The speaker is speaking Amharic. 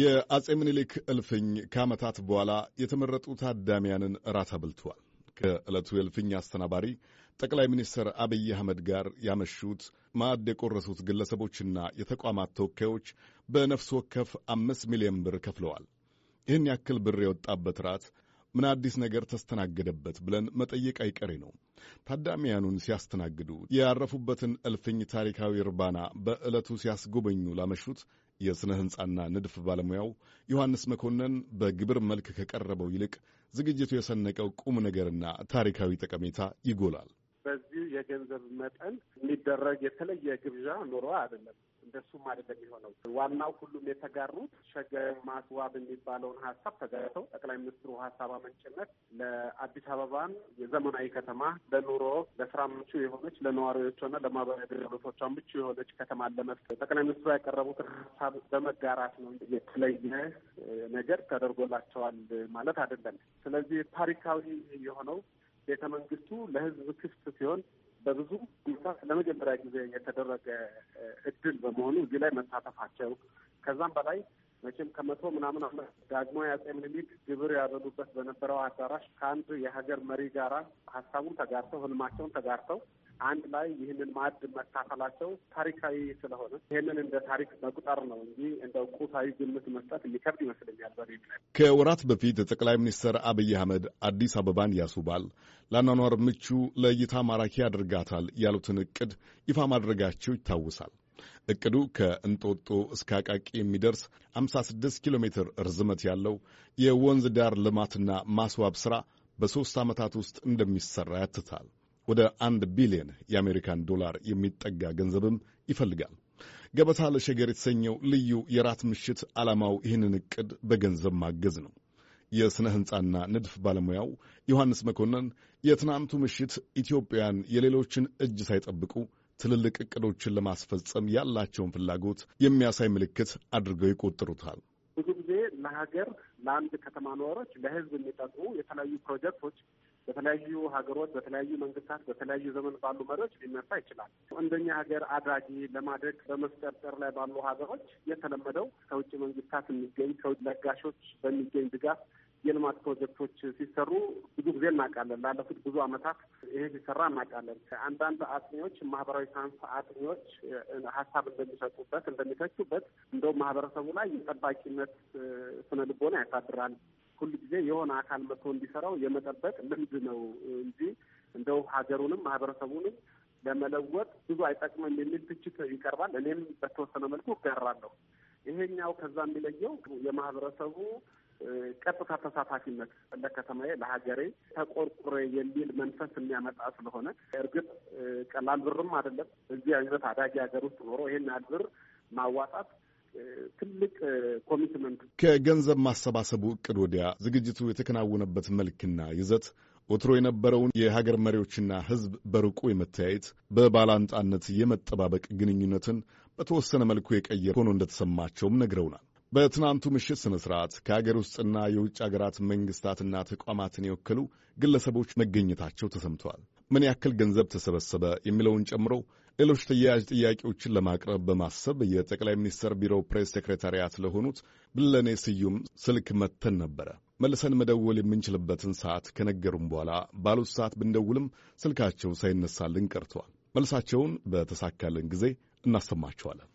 የአጼ ምኒልክ እልፍኝ ከዓመታት በኋላ የተመረጡ ታዳሚያንን እራት አብልተዋል። ከዕለቱ የእልፍኝ አስተናባሪ ጠቅላይ ሚኒስትር አብይ አህመድ ጋር ያመሹት ማዕድ የቆረሱት ግለሰቦችና የተቋማት ተወካዮች በነፍስ ወከፍ አምስት ሚሊዮን ብር ከፍለዋል። ይህን ያክል ብር የወጣበት ራት ምን አዲስ ነገር ተስተናገደበት ብለን መጠየቅ አይቀሬ ነው። ታዳሚያኑን ሲያስተናግዱ ያረፉበትን እልፍኝ ታሪካዊ እርባና በዕለቱ ሲያስጎበኙ ላመሹት የሥነ ሕንፃና ንድፍ ባለሙያው ዮሐንስ መኮንን በግብር መልክ ከቀረበው ይልቅ ዝግጅቱ የሰነቀው ቁም ነገርና ታሪካዊ ጠቀሜታ ይጎላል። በዚህ የገንዘብ መጠን የሚደረግ የተለየ ግብዣ ኑሮ አይደለም። እንደሱም አይደለም የሆነው። ዋናው ሁሉም የተጋሩት ሸገር ማስዋብ የሚባለውን ሀሳብ ተጋርተው ጠቅላይ ሚኒስትሩ ሀሳብ አመንጭነት ለአዲስ አበባን የዘመናዊ ከተማ ለኑሮ ለስራ ምቹ የሆነች ለነዋሪዎች ሆነ ለማህበራዊ አገልግሎቶቿ ምቹ የሆነች ከተማ ለመፍጠር ጠቅላይ ሚኒስትሩ ያቀረቡትን ሀሳብ በመጋራት ነው። የተለየ ነገር ተደርጎላቸዋል ማለት አይደለም። ስለዚህ ታሪካዊ የሆነው ቤተ መንግስቱ ለህዝብ ክፍት ሲሆን በብዙ ሁኔታ ለመጀመሪያ ጊዜ የተደረገ እድል በመሆኑ እዚህ ላይ መሳተፋቸው ከዛም በላይ መቼም ከመቶ ምናምን ዓመት ዳግሞ የአጼ ምኒልክ ግብር ያበሉበት በነበረው አዳራሽ ከአንድ የሀገር መሪ ጋራ ሀሳቡን ተጋርተው ህልማቸውን ተጋርተው አንድ ላይ ይህንን ማዕድ መካፈላቸው ታሪካዊ ስለሆነ ይህንን እንደ ታሪክ መቁጠር ነው እንጂ እንደ ቁሳዊ ግምት መስጠት የሚከብድ ይመስለኛል። በሬ ከወራት በፊት ጠቅላይ ሚኒስትር አብይ አህመድ አዲስ አበባን ያስውባል፣ ለአኗኗር ምቹ፣ ለእይታ ማራኪ ያደርጋታል ያሉትን እቅድ ይፋ ማድረጋቸው ይታወሳል። እቅዱ ከእንጦጦ እስከ አቃቂ የሚደርስ 56 ኪሎ ሜትር ርዝመት ያለው የወንዝ ዳር ልማትና ማስዋብ ሥራ በሦስት ዓመታት ውስጥ እንደሚሠራ ያትታል። ወደ አንድ ቢሊዮን የአሜሪካን ዶላር የሚጠጋ ገንዘብም ይፈልጋል። ገበታ ለሸገር የተሰኘው ልዩ የራት ምሽት ዓላማው ይህንን ዕቅድ በገንዘብ ማገዝ ነው። የሥነ ሕንፃና ንድፍ ባለሙያው ዮሐንስ መኮንን የትናንቱ ምሽት ኢትዮጵያን የሌሎችን እጅ ሳይጠብቁ ትልልቅ እቅዶችን ለማስፈጸም ያላቸውን ፍላጎት የሚያሳይ ምልክት አድርገው ይቆጥሩታል። ብዙ ጊዜ ለሀገር፣ ለአንድ ከተማ ነዋሪዎች፣ ለህዝብ የሚጠቅሙ የተለያዩ ፕሮጀክቶች በተለያዩ ሀገሮች፣ በተለያዩ መንግስታት፣ በተለያዩ ዘመን ባሉ መሪዎች ሊነሳ ይችላል። እንደኛ ሀገር አድራጊ ለማድረግ በመስጠርጠር ላይ ባሉ ሀገሮች የተለመደው ከውጭ መንግስታት የሚገኝ ከውጭ ለጋሾች በሚገኝ ድጋፍ የልማት ፕሮጀክቶች ሲሰሩ ብዙ ጊዜ እናውቃለን። ላለፉት ብዙ ዓመታት ይሄ ሲሰራ እናውቃለን። አንዳንድ አጥኚዎች፣ ማህበራዊ ሳይንስ አጥኚዎች ሀሳብ እንደሚሰጡበት እንደሚተቹበት እንደውም ማህበረሰቡ ላይ የጠባቂነት ስነ ልቦና ያሳድራል። ሁሉ ጊዜ የሆነ አካል መጥቶ እንዲሰራው የመጠበቅ ልምድ ነው እንጂ እንደው ሀገሩንም ማህበረሰቡንም ለመለወጥ ብዙ አይጠቅምም የሚል ትችት ይቀርባል። እኔም በተወሰነ መልኩ እጋራለሁ። ይሄኛው ከዛ የሚለየው የማህበረሰቡ ቀጥታ ተሳታፊነት ለከተማዬ፣ ለሀገሬ ተቆርቁሬ የሚል መንፈስ የሚያመጣ ስለሆነ እርግጥ ቀላል ብርም አይደለም። እዚህ አይነት አዳጊ ሀገር ውስጥ ኖሮ ይሄን ያህል ብር ማዋጣት ትልቅ ኮሚትመንት። ከገንዘብ ማሰባሰቡ እቅድ ወዲያ ዝግጅቱ የተከናወነበት መልክና ይዘት ወትሮ የነበረውን የሀገር መሪዎችና ሕዝብ በርቁ የመተያየት በባላንጣነት የመጠባበቅ ግንኙነትን በተወሰነ መልኩ የቀየረ ሆኖ እንደተሰማቸውም ነግረውናል። በትናንቱ ምሽት ስነ ስርዓት ከሀገር ውስጥና የውጭ ሀገራት መንግስታትና ተቋማትን የወከሉ ግለሰቦች መገኘታቸው ተሰምተዋል። ምን ያክል ገንዘብ ተሰበሰበ የሚለውን ጨምሮ ሌሎች ተያያዥ ጥያቄዎችን ለማቅረብ በማሰብ የጠቅላይ ሚኒስትር ቢሮ ፕሬስ ሴክሬታሪያት ለሆኑት ብለኔ ስዩም ስልክ መተን ነበረ። መልሰን መደወል የምንችልበትን ሰዓት ከነገሩም በኋላ ባሉት ሰዓት ብንደውልም ስልካቸው ሳይነሳልን ቀርተዋል። መልሳቸውን በተሳካልን ጊዜ እናሰማቸዋለን